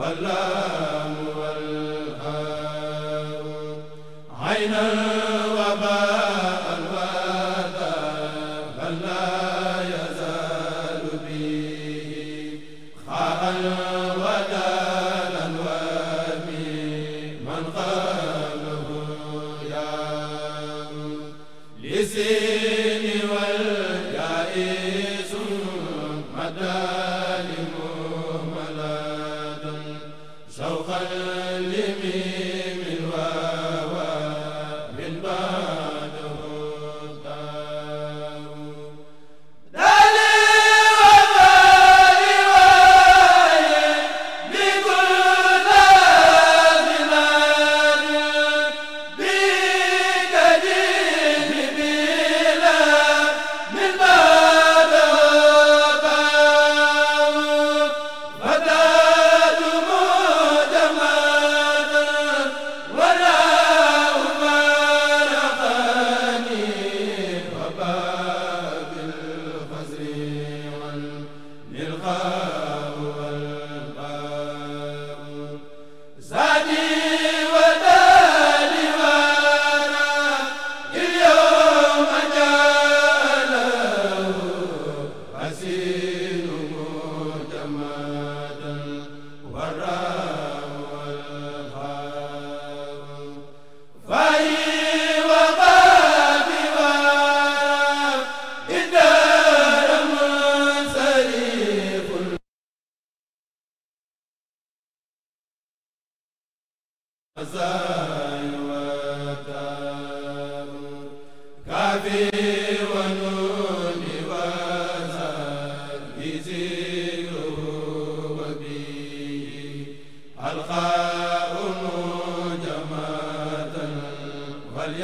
wala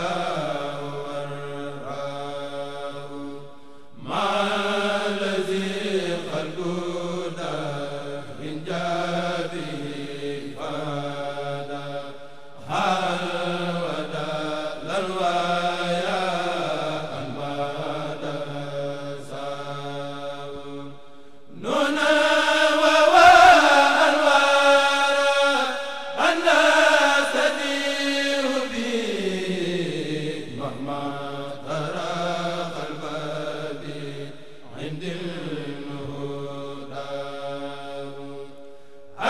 yaa